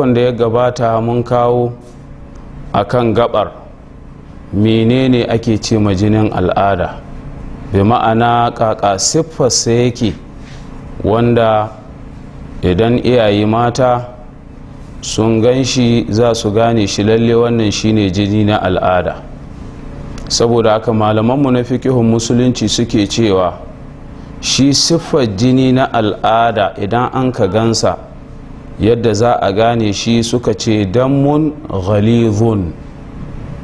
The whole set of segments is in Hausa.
makon da ya gabata mun kawo a kan gabar menene ake ce ma jinin al'ada bi ma'ana kaka siffarsa yake wanda idan iyaye mata sun gan shi za su gane shi lalle wannan shine jini na al'ada saboda haka malamanmu na fikihun musulunci suke cewa shi siffar jini na al'ada idan an ka gansa yadda za a gane shi suka ce dammun ghalizun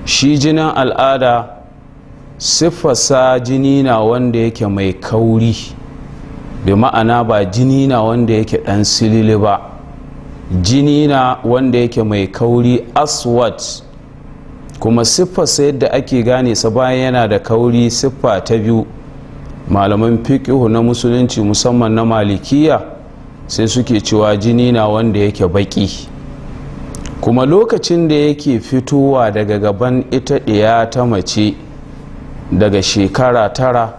shi jinin al'ada siffasa jini na wanda yake mai kauri bi ma'ana ba jini na wanda yake ɗan silili ba jini na wanda yake mai kauri aswad kuma siffasa yadda ake gane sa bayan yana da kauri siffa ta biyu malaman fiƙihu na musulunci musamman na malikiya sai suke cewa jini na wanda yake baki kuma lokacin da yake fitowa daga gaban ita ɗaya ta mace daga shekara tara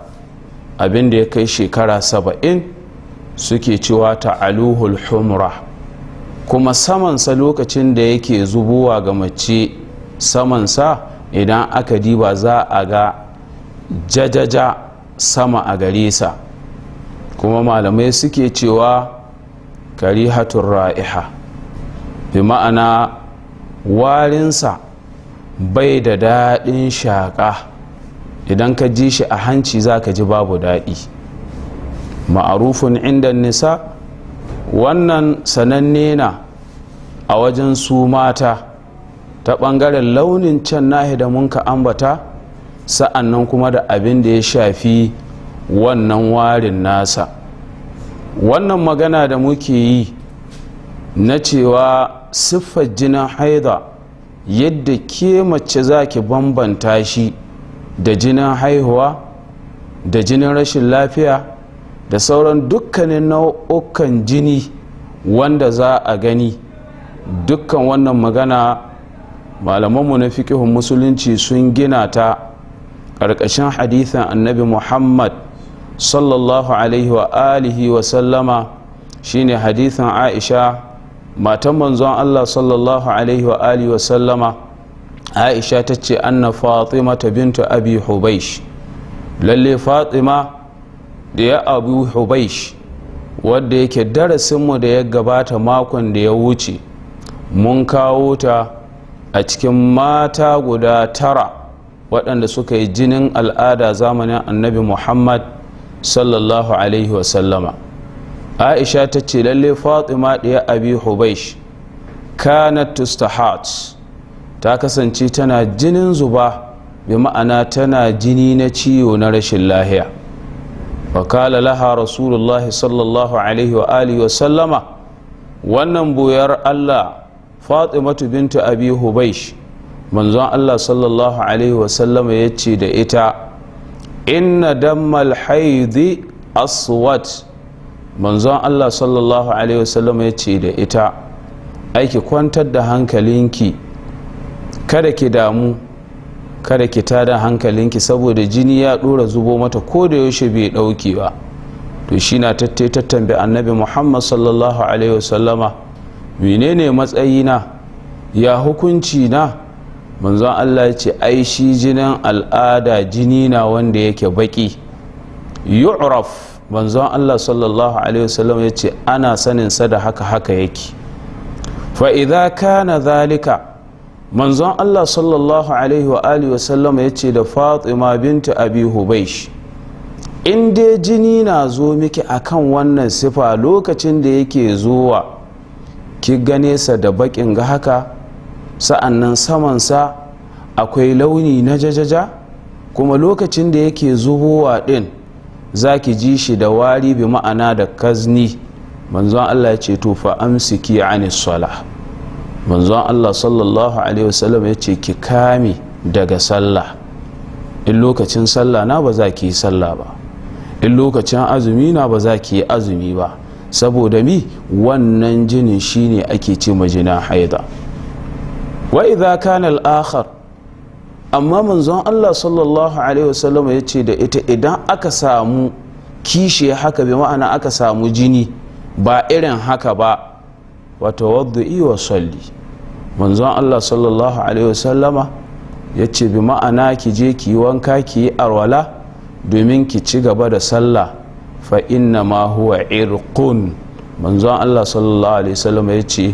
abinda ya kai shekara saba'in suke cewa ta'aluhul humra kuma samansa lokacin da yake zubowa ga mace samansa idan aka diba za a ga jajaja sama a gare sa kuma malamai suke cewa karihatun ra'iha bi ma'ana warinsa bai da daɗin shaƙa idan ka ji shi a hanci za ka ji babu daɗi ma'arufin inda nisa wannan sananne na a wajen su mata ta ɓangaren launin can nahi da ka ambata sa'annan kuma da abin da ya shafi wannan warin nasa wannan magana da muke yi na cewa siffar jinin haida yadda ke mace za ki bambanta shi da jinin haihuwa da jinin rashin lafiya da sauran dukkanin nau'ukan jini wanda za a gani dukkan wannan magana malamanmu na fikihun musulunci sun gina ta ƙarƙashin hadithan annabi muhammad sallallahu alaihi wa alihi wa sallama shine hadithin aisha matan manzon allah sallallahu alaihi wa alihi wa sallama aisha ta ce anna fatima ta bintu abi hubaish lalle fatima da ya abu hubaish wadda yake darasinmu da ya gabata makon da ya wuce mun kawo ta a cikin mata guda tara waɗanda suka yi jinin al'ada zamanin annabi muhammad sallallahu alaihi wasallama aisha ta ce lalle fatima ɗaya abi hubaish kanat tustahat ta kasance tana jinin zuba bi ma'ana tana jini na ciwo na rashin lahiya wakala laha rasulullah sallallahu alaihi wa alihi wa sallama wannan boyar allah fatimatu bintu abi hubaish manzon allah sallallahu alaihi wa sallama ya ce da ita inna dammal haidi aswat manzon Allah sallallahu alaihi wasallam ya ce da ita aiki kwantar da hankalinki kada ki damu kada ki tada hankalinki saboda jini ya dora zubo mata ko da yaushe bai dauke ba to shi na tambayi annabi muhammad sallallahu alaihi wasallama menene matsayina ya hukunci na manzon Allah ya ce ai shi jinin al'ada jini na wanda yake baki yu'raf manzon Allah sallallahu alaihi wasallam ya ce ana sanin sa da haka haka yake fa idza kana zalika manzon Allah sallallahu alaihi wa wasallam ya ce da Fatima bintu Abi Hubaysh in dai jini na zo miki akan wannan sifa lokacin da yake zuwa ki gane sa da bakin ga haka sa'annan samansa akwai launi na jajaja kuma lokacin da yake zuhowa ɗin za ki ji shi da wari bi ma'ana da kazni manzon Allah ya ce to fa amsiki anis sala manzon Allah sallallahu alaihi wasallam ya ce ki kame daga sallah in lokacin sallah na ba za ki yi sallah ba in lokacin azumi na ba za ki yi azumi ba saboda mi wannan jinin shine ake ce majina haida wa idha kana al-akhar amma manzon Allah sallallahu alaihi wasallam ya ce da ita idan aka samu kishi haka bi ma'ana aka samu jini ba irin haka ba wato waddu'i wa salli manzon Allah sallallahu alaihi wasallama ya ce bi ma'ana ki je ki wanka ki yi arwala domin ki ci gaba da sallah fa inna ma huwa irqun manzon Allah sallallahu alaihi wasallama ya ce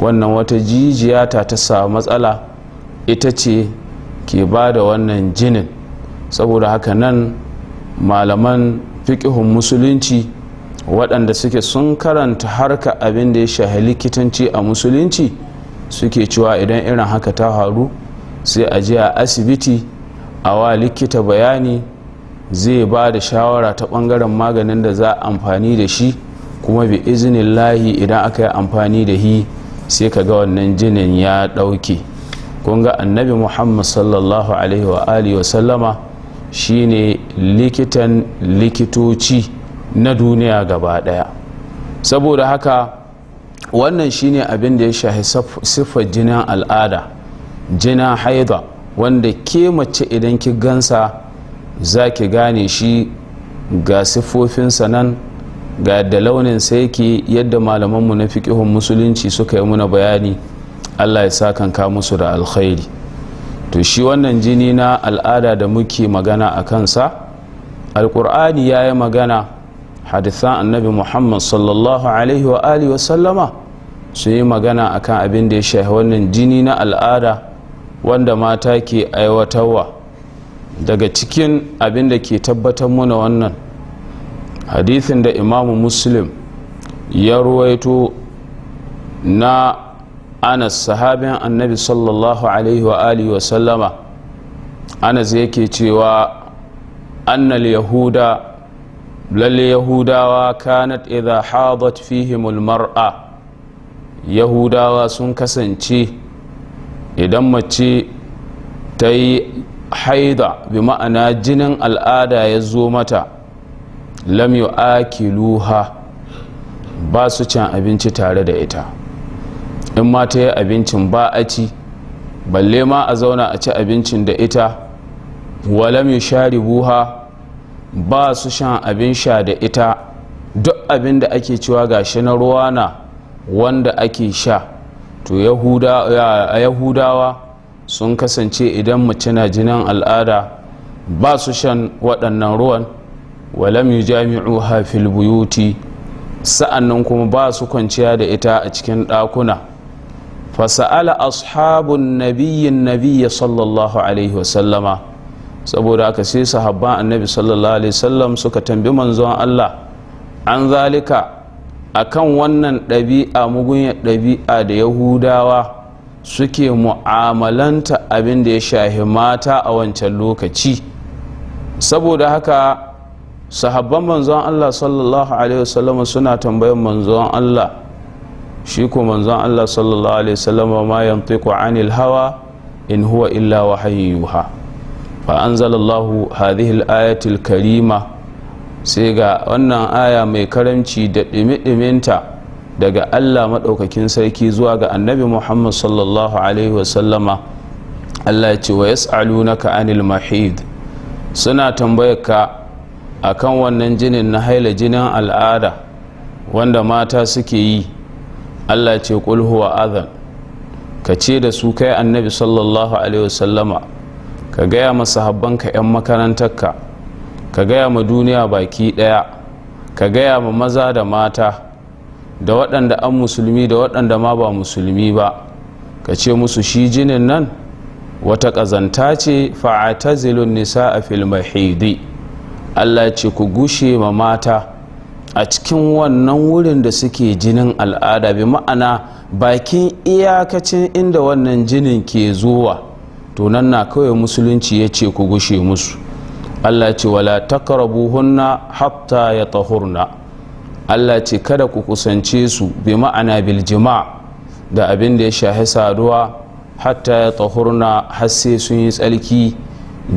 wannan wata jijiyata ta sa matsala ita ce ke ba da wannan jinin saboda haka nan malaman fiƙihun musulunci waɗanda suke sun karanta harka abin da ya shahi likitanci a musulunci suke cewa idan irin haka ta faru sai a je a asibiti a wa likita bayani zai ba da shawara ta ɓangaren maganin da za a amfani da shi kuma bi izinin lahi idan aka yi amfani da hi sai ka ga wannan jinin ya ɗauke kun ga annabi muhammad sallallahu alaihi wa alihi wa sallama shine likitan likitoci na duniya gaba ɗaya saboda haka wannan shine abin da ya shahi siffar jinin al'ada jina haida wanda ke mace idan ki gansa za ki gane shi ga siffofinsa nan ga yadda launin sai ke yadda malamanmu na fiƙihun musulunci suka yi muna bayani allah ya sa kanka musu da alkhairi to shi wannan jini na al'ada da muke magana a kansa alkur'ani ya yi magana hadithan annabi muhammad sallallahu alaihi wa alihi wasallama su yi magana a kan abin da ya shafi wannan jini na al'ada wanda mata ke aiwatarwa daga cikin abin da ke tabbatar muna wannan hadithin da imamu muslim ya ruwaito na anas sahabin annabi sallallahu alaihi wa alihi wa sallama anas yake cewa annal yahuda lalle yahudawa kanat idha hadat fihim mar'a yahudawa sun kasance idan mace ta yi haida bi ma'ana jinin al'ada ya zo mata lam yu'akiluha ba su can abinci tare da ita in ma ta yi abincin ba a ci balle ma a zauna a ci abincin da ita walam buha ba su shan abin sha da ita duk abin da ake cewa gashi na ruwa na wanda ake sha to yahudawa sun kasance idan mace na jinin al'ada ba su shan waɗannan ruwan walam yujami'uha fil buyuti sa'annan kuma ba su kwanciya da ita a cikin ɗakuna fasa'ala ashabun nabiyyin nabiyya sallallahu alaihi wasallama saboda aka sai sahabban annabi sallallahu alaihi wasallam suka tambi manzon Allah an zalika akan wannan ɗabi'a mugunya ɗabi'a da yahudawa suke mu'amalanta abin da ya shahi mata a wancan lokaci saboda haka sahabban manzon Allah sallallahu alaihi wasallam suna tambayan manzon Allah shi ko manzon Allah sallallahu alaihi wasallam ma yantiqu anil hawa in huwa illa wahayi yuha fa anzalallahu hadhihi al-ayatil karima sai ga wannan aya mai karamci da dimi-diminta daga Allah madaukakin sarki zuwa ga annabi Muhammad sallallahu alaihi wasallama Allah ya ce wa yas'alunaka anil mahid suna tambayar ka akan wannan jinin na haila jinin al'ada wanda mata suke yi allah ce kul huwa azan ka ce da su kai annabi sallallahu alaihi wasallama ka gaya ma 'yan makarantarka ka gaya ma duniya baki ɗaya ka gaya ma maza da mata da waɗanda an musulmi da waɗanda ma ba musulmi ba ka ce musu shi jinin nan wata ƙazanta ce fa'atazilun nisa a filmahidi allah ce ku gushe ma mata a cikin wannan wurin da suke jinin al'ada bi ma'ana bakin iyakacin inda wannan jinin ke zuwa to nan na kawai musulunci ya ce ku gushe musu allah ce wala takarabuhunna hatta ya tahurna allah ce kada ku kusance su bi ma'ana biljima da abin da ya shahi saduwa hatta ya tahurna har sai sun yi tsarki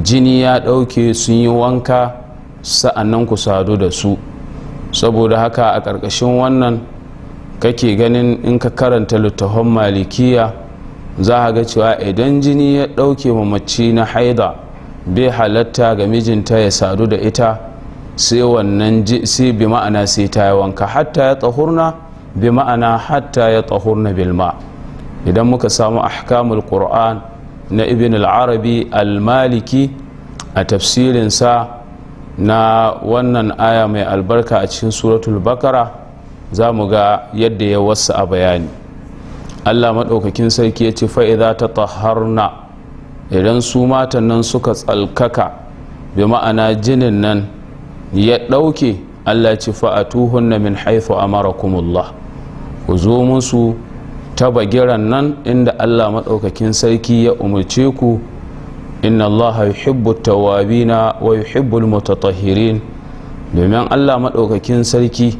jini ya ɗauke sun yi wanka sa'annan ku sadu da su saboda haka a ƙarƙashin wannan kake ganin in ka karanta littafin malikiya za a ga cewa idan jini ya ɗauke mamaci na haida bai halatta ga mijinta ya sadu da ita sai wannan sai bi ma'ana sai ta yi wanka hatta ya tsahurna bi ma'ana hatta ya tsahurna bilma idan muka samu ahkamul qur'an na ibn al-arabi al-maliki a tafsirinsa na wannan aya mai albarka a cikin suratul bakara za mu ga yadda ya wasu a bayani allah maɗaukakin sarki ya ce fa'iza ta taharna idan su matan nan suka tsalkaka bi ma'ana jinin nan ya ɗauke allah ce na min haifu kumullah ku zo musu ta bagiran nan inda allah maɗaukakin sarki ya umarce ku inna allaha yuhibbu tawabina wa yuhibbul mutatahhirin domin allah maɗaukakin sarki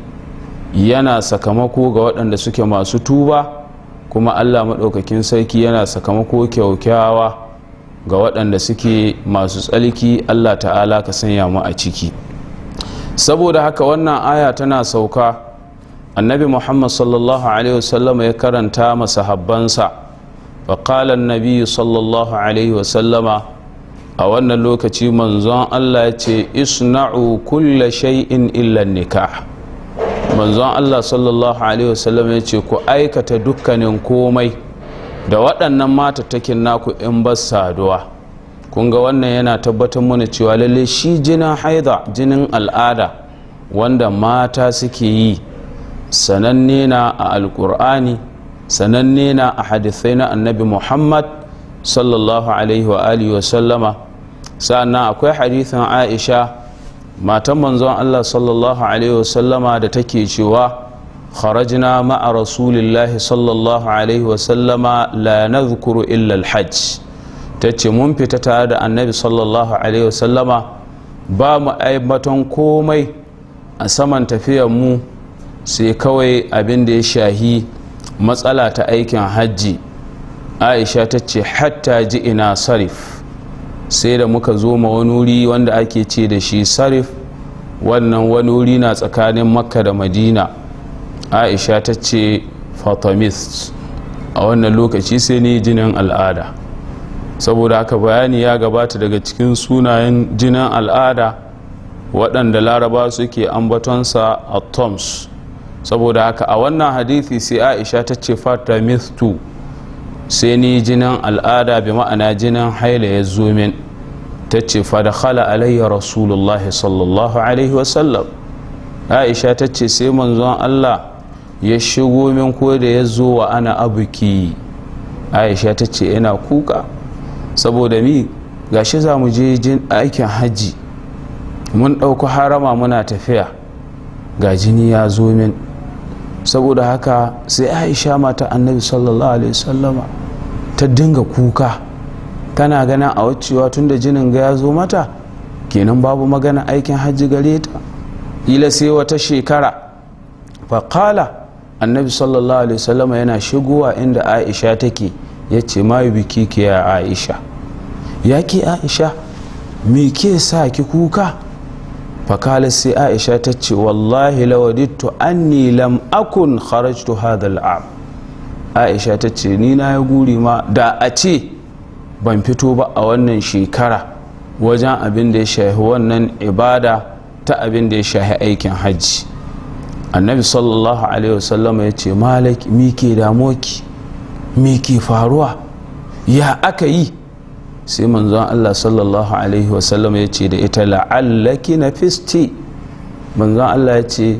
yana sakamako ga waɗanda suke masu tuba kuma allah maɗaukakin sarki yana sakamako kyaukyawa ga waɗanda suke masu tsalki allah ta'ala ka sanya mu a ciki saboda haka wannan aya tana sauka annabi muhammad sallallahu alaihi wasallam ya karanta masahabbansa فقال النبي sallallahu alaihi عليه a wannan lokaci manzon Allah ya ce isna'u kulla shay'in illa nikah manzon Allah sallallahu alaihi wasallam ya ce ku aikata dukkanin komai da waɗannan matattakin naku in ba saduwa kun ga wannan yana tabbatar mana cewa lalle shi jinin haida jinin al'ada wanda mata suke yi sananne na a alkur'ani sananne na a hadithai na annabi muhammad sallallahu alaihi wa alihi wa sallama sa'annan akwai hadithin aisha matan manzon allah sallallahu alaihi wasallama da take cewa kharajna ma'a rasulillahi sallallahu alaihi wasallama la nadhkuru illa alhajj ta ce mun fita tare da annabi sallallahu alaihi wasallama ba mu aibatan komai a saman tafiyar mu sai kawai abin da ya shahi matsala ta aikin hajji aisha ta ce hatta ji ina sarif sai da muka zo ma wani wuri wanda ake ce da shi sarif wannan wani wuri na tsakanin makka da madina aisha ta ce fatimist a wannan lokaci sai ne jinin al'ada saboda haka bayani ya gabata daga cikin sunayen jinin al'ada waɗanda laraba suke ambatonsa a toms saboda haka a wannan hadithi sai aisha ta ce fatimist 2 sai ni jinin al'ada bi ma'ana jinin haila ya zo min ta ce khala alayya rasulullahi sallallahu alaihi wasallam aisha ta ce sai manzon allah ya shigo min ko da ya zo wa ana abuki aisha ta ce ina kuka saboda mi gashi za mu je jin aikin hajji mun ɗauki harama muna tafiya ga jini ya zo min saboda haka sai aisha mata annabi sallallahu alaihi wasallama ta dinga kuka kana ganin a wucewa tun da jinin ga ya zo mata kenan babu magana aikin hajji gare ta ila sai wata shekara faƙala annabi sallallahu alaihi wasallama yana shigowa inda aisha take ya ce ma biki ke ya aisha ya ke aisha me ke sa ki kuka faƙala sai aisha ta ce wallahi lawadittu anni lam akun kharajtu hadha al'am aisha ta ce ni na ya guri ma da a ce ban fito ba a wannan shekara wajen abin da ya shahi wannan ibada ta abin da ya shahi aikin hajji annabi sallallahu alaihi wasallam ya ce malaki mi ke damoki mi ke faruwa ya aka yi sai manzon allah sallallahu alaihi wasallam ya ce da ita la'allaki na fisti manzon allah ya ce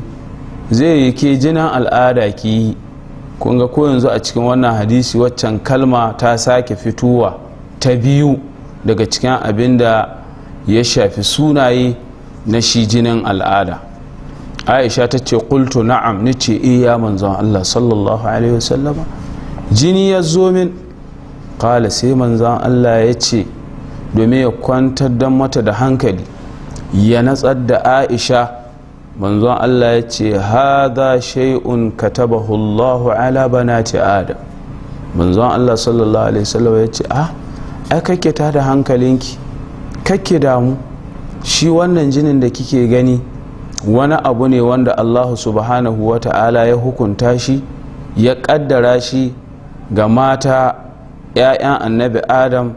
zai yi ke jinan al'ada ki kun ga ko yanzu a cikin wannan hadisi waccan kalma ta sake fitowa ta biyu daga cikin abin da ya shafi sunaye na shi jinin al'ada aisha ta ce kultu na'am ni ce iya eh, manzon allah sallallahu alaihi wasallama jini ya zo min kala sai manzon allah ya ce domin ya kwantar don mata da hankali ya natsar da aisha manzon allah ya ce haza shay'un katabahu allahu ala banati adam manzon allah sallallahu alaihi wasallama ya ce ah ai kake ta da hankalinki kake damu shi wannan jinin da kike gani wani abu ne wanda allah subhanahu wa ta'ala ya hukunta shi ya kaddara shi ga mata 'ya'yan annabi adam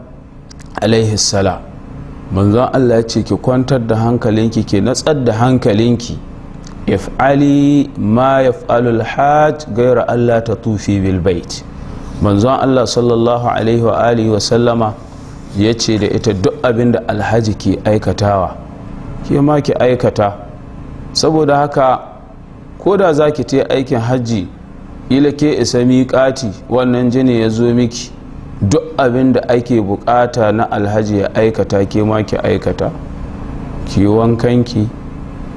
alaihi salam manzon allah ya ce ki kwantar da hankalinki ke natsar da hankalinki if'ali ma yaf'alul hajj gaira allah ta tufi bilbait manzon allah sallallahu alaihi wa alihi wa sallama ya ce da ita duk abin da alhaji ke aikatawa ke ma ki aikata saboda haka ko da za ki te aikin hajji ila ke isa miƙati wannan jini ya zo miki duk abin da ake bukata na alhaji ya aikata ke ma ki aikata ki wankanki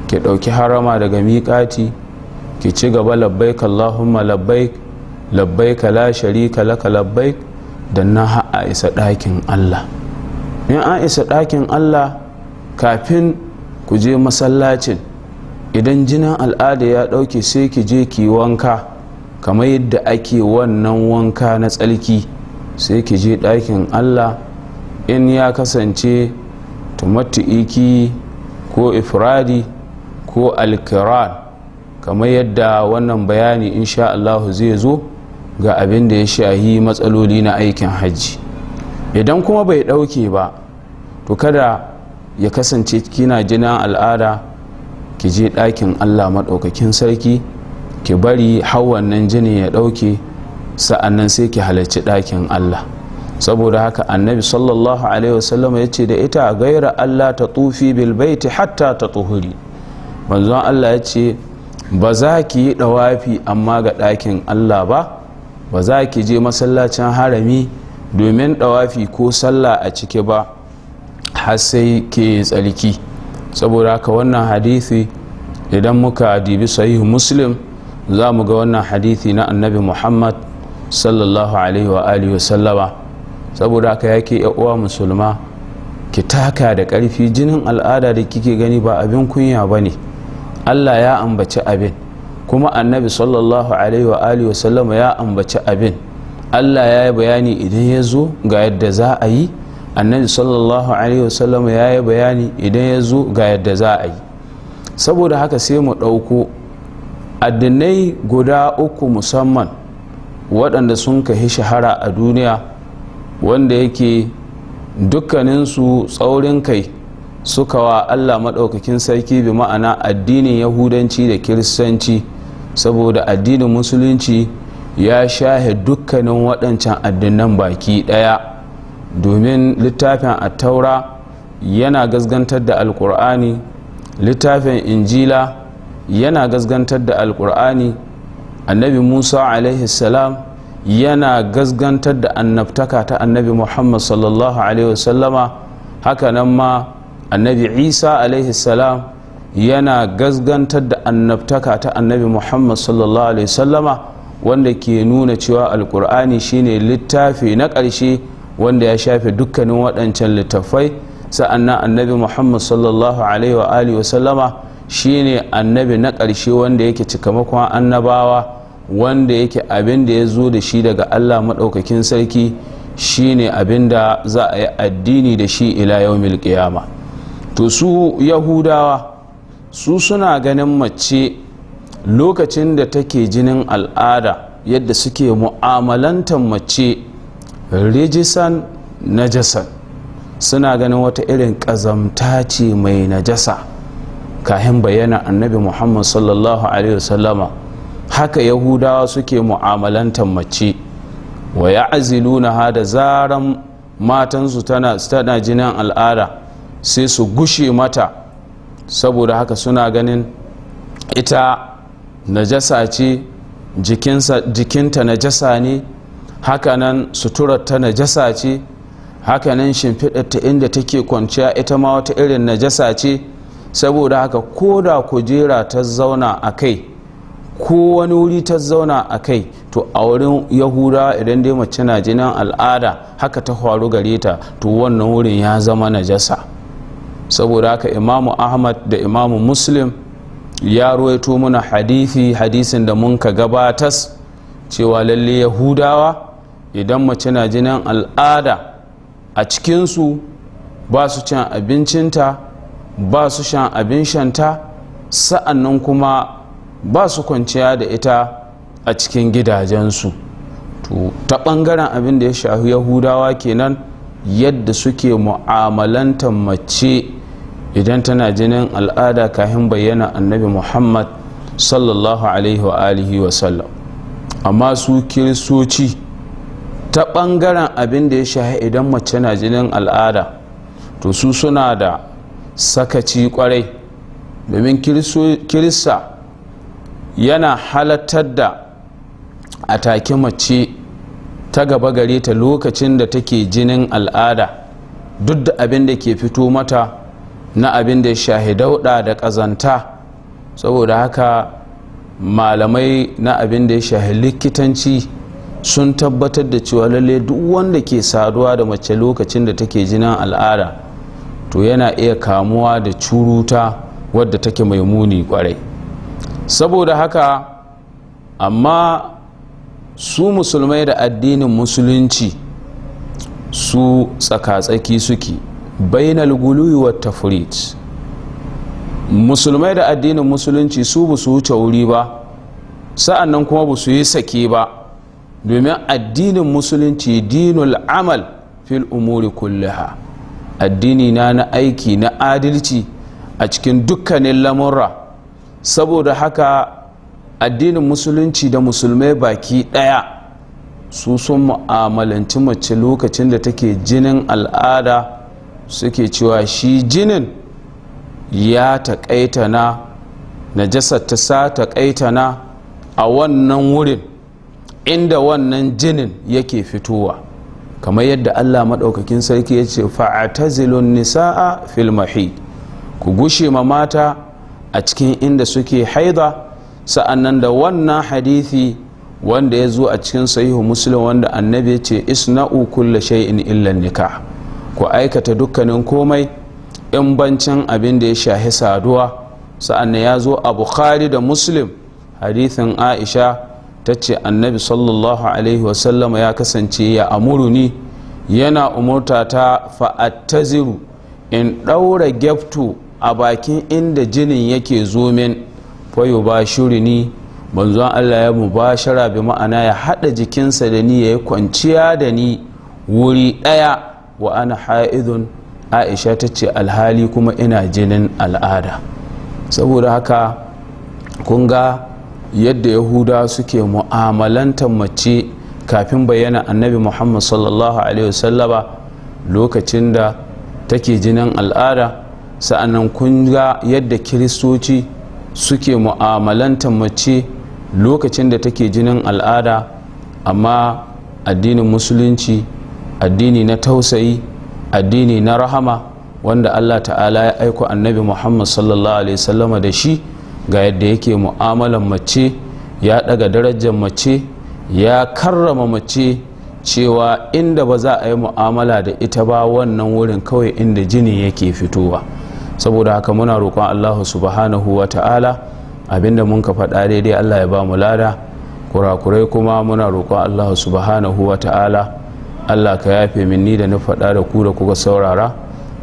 ki ɗauki harama daga miƙati ki ci gaba labbaik allahumma labbaik labbaik la sharika laka labbaik da na isa ɗakin allah in an isa ɗakin allah kafin ku je masallacin idan jinin al'ada ya ɗauke sai ki je ki wanka kamar yadda ake wannan wanka na tsarki sai ki je ɗakin allah in ya kasance iki ko ifradi ko alkiran kamar yadda wannan bayani insha allahu zai zo ga abin da ya shahi matsaloli na aikin hajji idan kuma bai dauke ba to kada ya kasance kina jina al'ada ki je dakin allah maɗaukakin sarki ki bari nan jini ya ɗauke sa'annan sai ki halarci dakin allah saboda haka annabi sallallahu alaihi wasallam ya ce da ita gaira allah ta tufi bilbaiti hatta ta tuhuri manzon allah ya ce ba za ki yi dawafi amma ga dakin allah ba ba za ki je masallacin harami domin ɗawafi ko sallah a ciki ba har sai ke tsarki saboda haka wannan hadithi idan muka dibi sahihu muslim za mu ga wannan hadithi na annabi muhammad sallallahu alaihi wa alihi wasallama saboda haka yake uwa musulma ki taka da ƙarfi jinin al'ada da kike gani ba abin kunya ba ne allah ya ambaci abin kuma annabi sallallahu alaihi wa alihi ya ambaci abin allah ya yi bayani idan ya zo ga yadda za a yi annabi sallallahu alaihi sallama ya yi bayani idan ya zo ga yadda za a yi saboda haka sai mu ɗauko addinai guda uku musamman waɗanda sun kahi shahara a duniya wanda yake dukkaninsu tsaurin kai suka wa allah maɗaukakin sarki bi ma'ana addinin yahudanci da kiristanci saboda addinin musulunci ya shahe dukkanin waɗancan addinan baki ɗaya domin littafin attaura yana gasgantar da alkur'ani littafin injila yana gasgantar da alkur'ani annabi musa salam yana gasgantar da annabtaka ta annabi muhammad sallallahu alaihi wasallama hakanan ma annabi isa salam yana gasgantar da annabtaka ta annabi muhammad sallallahu alaihi sallama wanda ke nuna cewa alkur'ani shine littafi na ƙarshe wanda ya shafe dukkanin waɗancan littattafai sa'annan annabi muhammad sallallahu alaihi wa alihi shine annabi na ƙarshe wanda yake cikamakon annabawa wanda yake abin da ya zo da shi daga allah maɗaukakin sarki shine abin da za a yi addini da shi ila yau qiyama to su yahudawa su suna ganin mace lokacin da take jinin al'ada yadda suke mu'amalantar mace rijisan najasan suna ganin wata irin ƙazamta ce mai najasa kahin bayyana annabi muhammad sallallahu alaihi wasallama haka yahudawa suke mu'amalantar mace wa ya aziluna da zaran matansu tana jinin al'ada sai su gushe mata saboda haka suna ganin ita najasa ce jikinta najasa ne hakanan suturarta najasa ce hakanan shimfiɗarta inda take kwanciya ita ma wata irin najasa ce saboda haka ko da kujera ta zauna a kai ko wani wuri ta zauna a kai to a wurin yahuda idan dai mace na jinin al'ada haka ta faru gare ta to wannan wurin ya zama najasa saboda haka imamu ahmad da imamu muslim ya ruwaito muna hadithi hadisin da mun ka gabatas cewa lalle yahudawa idan mace na jinin al'ada a cikinsu ba su cin abincinta ba su shan abin shanta sa'annan kuma ba su kwanciya da ita a cikin gidajensu ta ɓangaren abin da ya shafi yahudawa kenan yadda suke mu'amalantar mace idan tana jinin al'ada kahin bayyana annabi muhammad sallallahu alaihi wa alihi wa sallam amma su kiristoci ta ɓangaren abin da ya shahi idan mace na jinin al'ada to su suna da sakaci kwarai domin kirista yana halattar da a take mace ta gaba gare ta lokacin da take jinin al'ada duk da abin da ke fito mata na abin da ya shahi dauɗa da ƙazanta saboda haka malamai na abin da ya shahi likitanci sun tabbatar da cewa lalle duk wanda ke saduwa da mace lokacin da take jinan al'ada to yana iya kamuwa da curuta wadda take mai muni kwarai saboda haka amma su musulmai da addinin musulunci su tsaka-tsaki suke bainal guluwi wa tafrit musulmai da addinin musulunci su ba su wuce wuri ba sa'an nan kuma ba su yi sake ba domin addinin musulunci dinul amal fil umuri kulliha addini na na aiki na adalci a cikin dukkanin lamura saboda haka addinin musulunci da musulmai baki daya su sun mu'amalanci mace lokacin da take jinin al'ada suke cewa shi jinin ya taƙaita na najasar ta sa taƙaita na a wannan wurin inda wannan jinin yake fitowa kamar yadda allah maɗaukakin sarki ya ce fa'atazilun nisa'a fil ku gushe ma mata a cikin inda suke haida nan da wannan hadithi wanda ya zo a cikin sahihu muslim wanda annabi ce isna'u kulla shay'in illan nikah ku aikata dukkanin komai in bancin abin da ya shahi saduwa sa'an ya zo a bukhari da muslim hadithin aisha ta ce annabi sallallahu alaihi wasallama ya kasance ya amuruni yana umurta ta fa'attaziru in ɗaura gyaftu a bakin inda jinin yake zo min fayo ba ni manzon allah ya mubashara bi ma'ana ya haɗa jikinsa da ni ya yi kwanciya da ni wuri ɗaya wa ana ha'idun aisha ta ce alhali kuma ina jinin al'ada saboda haka kun ga yadda yahuda suke mu'amalantar mace kafin bayyana annabi muhammad sallallahu alaihi wasallaba lokacin da take jinin al'ada sa'annan kun ga yadda kiristoci suke mu'amalantar mace lokacin da take jinin al'ada amma addinin musulunci addini na tausayi addini na rahama wanda allah ta'ala ya aiko annabi muhammad sallallahu alaihi wasallama da shi ga yadda yake mu'amalan mace ya daga darajar mace ya karrama mace cewa inda ba za a yi mu'amala da ita ba wannan wurin kawai inda jini yake fitowa saboda haka muna roƙon allahu subhanahu wa ta'ala abinda mun ka faɗa daidai allah ya ba mu lada kurakurai kuma muna roƙon allahu subhanahu wa ta'ala allah ka yafe min ni da na faɗa da ku da kuka saurara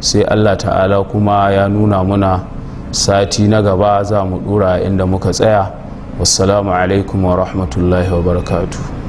sai allah ta'ala kuma ya nuna muna sati na gaba za mu ɗura inda muka tsaya wassalamu alaikum wa rahmatullahi wa barakatuh